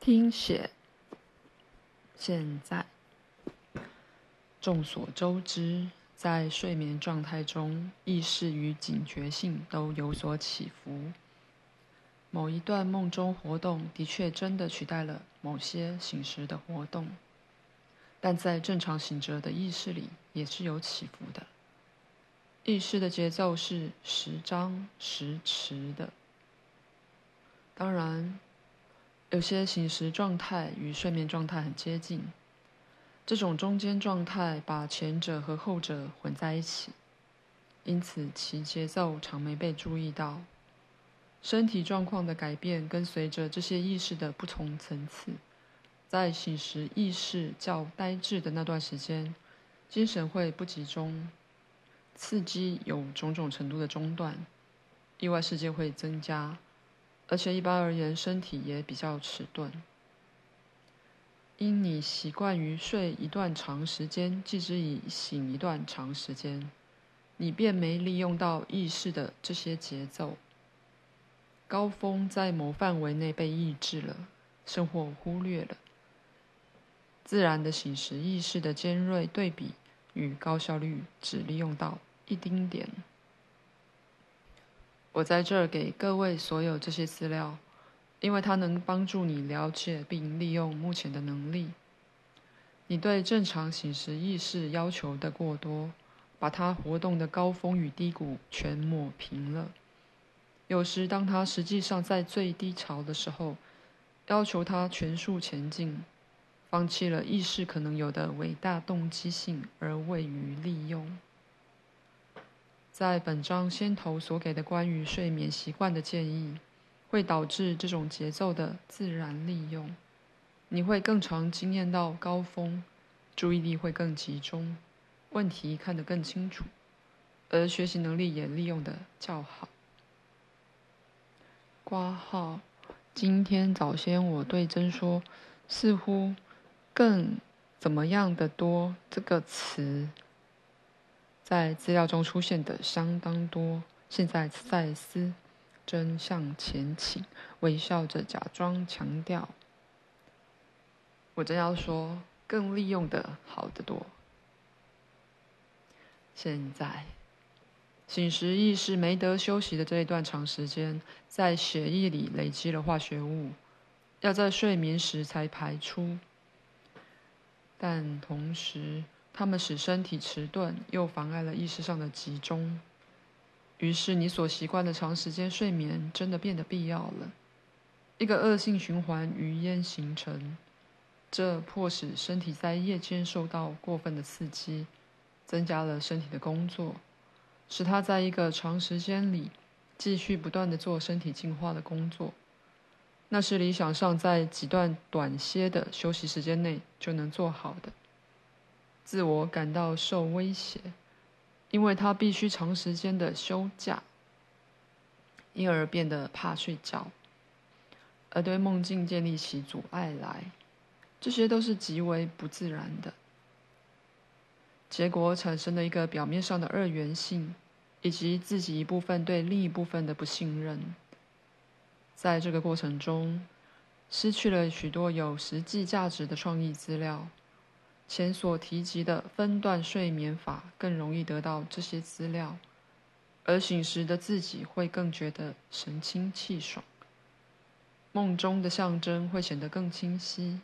聽寫。現在，眾所周知，在睡眠狀態中，意識與警覺性都有所起伏。某一段夢中活動的確真的取代了某些醒時的活動，但在正常醒着的意識裡，也是有起伏的。意識的節奏是時張時弛的。當然。有些醒時狀態與睡眠狀態很接近，這種中間狀態把前者和後者混在一起，因此其節奏常沒被注意到。身體狀況的改變跟隨着這些意識的不同層次。在醒時意識較呆滯的那段時間，精神會不集中，刺激有種種程度的中斷，意外事件會增加。而且一般而言，身體也比較遲鈍。因你習慣於睡一段長時間，繼之以醒一段長時間，你便沒利用到意識的這些節奏。高峰在某範圍內被抑制了，甚或忽略了自然的醒時意識的尖銳對比與高效率，只利用到一丁點。我在這兒給各位所有這些資料，因為它能幫助你了解並利用目前的能力。你對正常醒時意識要求的過多，把它活動的高峰與低谷全抹平了。有時，當它實際上在最低潮的時候，要求它全速前進，放棄了意識可能有的偉大動機性而未予利用。在本章先頭所給的關於睡眠習慣的建議，會導致這種節奏的自然利用。你會更常經驗到高峰，注意力會更集中，問題看得更清楚，而學習能力也利用得較好。掛號，今天早先我對珍說，似乎更怎麼樣的多這個詞。在資料中出現的相當多。現在塞斯正向前傾，微笑着假裝強調：“我正要說，更利用的好得多。”現在，醒時意識沒得休息的這一段長時間，在血液裡累積了化學物，要在睡眠時才排出，但同時。他們使身體遲鈍，又妨礙了意識上的集中。於是，你所習慣的長時間睡眠真的變得必要了。一個惡性循環於焉形成，這迫使身體在夜間受到過分的刺激，增加了身體的工作，使它在一個長時間裡繼續不斷地做身體進化的工作。那是理想上在幾段短些的休息時間內就能做好的。自我感到受威脅，因為他必須長時間的休假，因而變得怕睡覺，而對夢境建立起阻礙來，這些都是極為不自然的。結果產生了一個表面上的二元性，以及自己一部分對另一部分的不信任。在這個過程中，失去了許多有實際價值的創意資料。前所提及的分段睡眠法更容易得到這些資料，而醒時的自己會更覺得神清氣爽，夢中的象徵會顯得更清晰，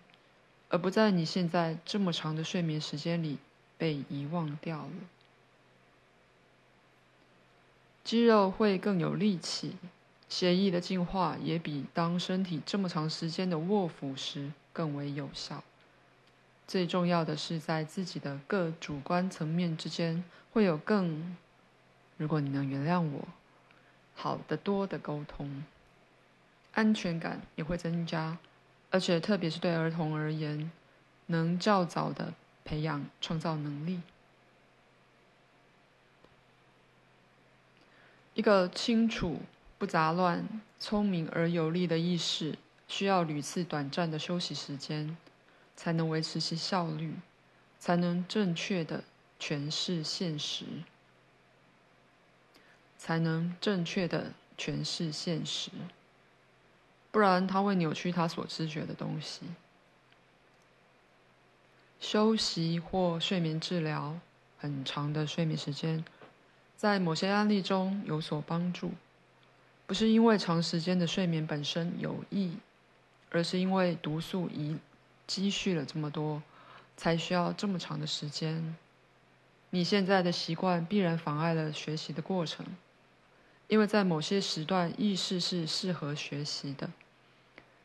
而不在你現在這麼長的睡眠時間裡被遺忘掉了。肌肉會更有力氣，血液的淨化也比當身體這麼長時間的臥伏時更為有效。最重要的是，在自己的各主觀層面之間會有更，如果你能原諒我，好得多的溝通，安全感也會增加，而且特別是對兒童而言，能較早地培養創造能力。一個清楚、不雜亂、聰明而有力的意識，需要屢次短暫的休息時間。才能維持其效率，才能正確的詮釋現實，才能正確的詮釋現實。不然，他會扭曲他所知覺的東西。休息或睡眠治療，很長的睡眠時間，在某些案例中有所幫助，不是因為長時間的睡眠本身有益，而是因為毒素已。積蓄了這麼多，才需要這麼長的時間。你現在的習慣必然妨礙了學習的過程，因為在某些時段意識是適合學習的，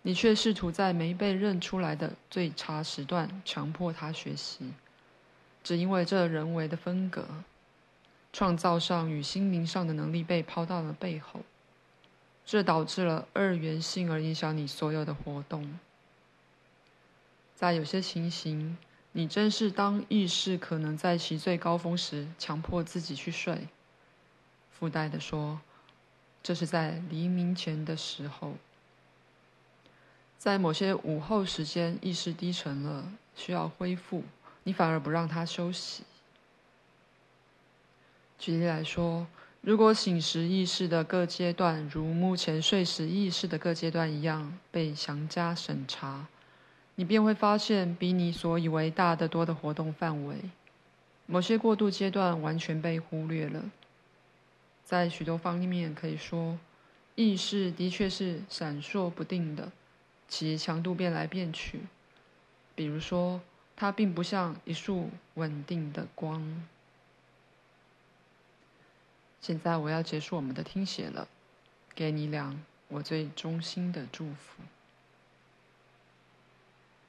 你卻試圖在沒被認出來的最差時段強迫他學習，只因為這人為的分隔，創造上與心靈上的能力被拋到了背後，這導致了二元性而影響你所有的活動。在有些情形，你正是當意識可能在其最高峰時，強迫自己去睡。附帶地說，這是在黎明前的時候。在某些午後時間，意識低沉了，需要恢復，你反而不讓他休息。舉例來說，如果醒時意識的各階段如目前睡時意識的各階段一樣被詳加審查。你便會發現比你所以為大得多的活動範圍，某些過渡階段完全被忽略了。在許多方面可以說，意識的確是閃爍不定的，其強度變來變去。比如說，它並不像一束穩定的光。現在我要結束我們的聽寫了，給你倆我最衷心的祝福。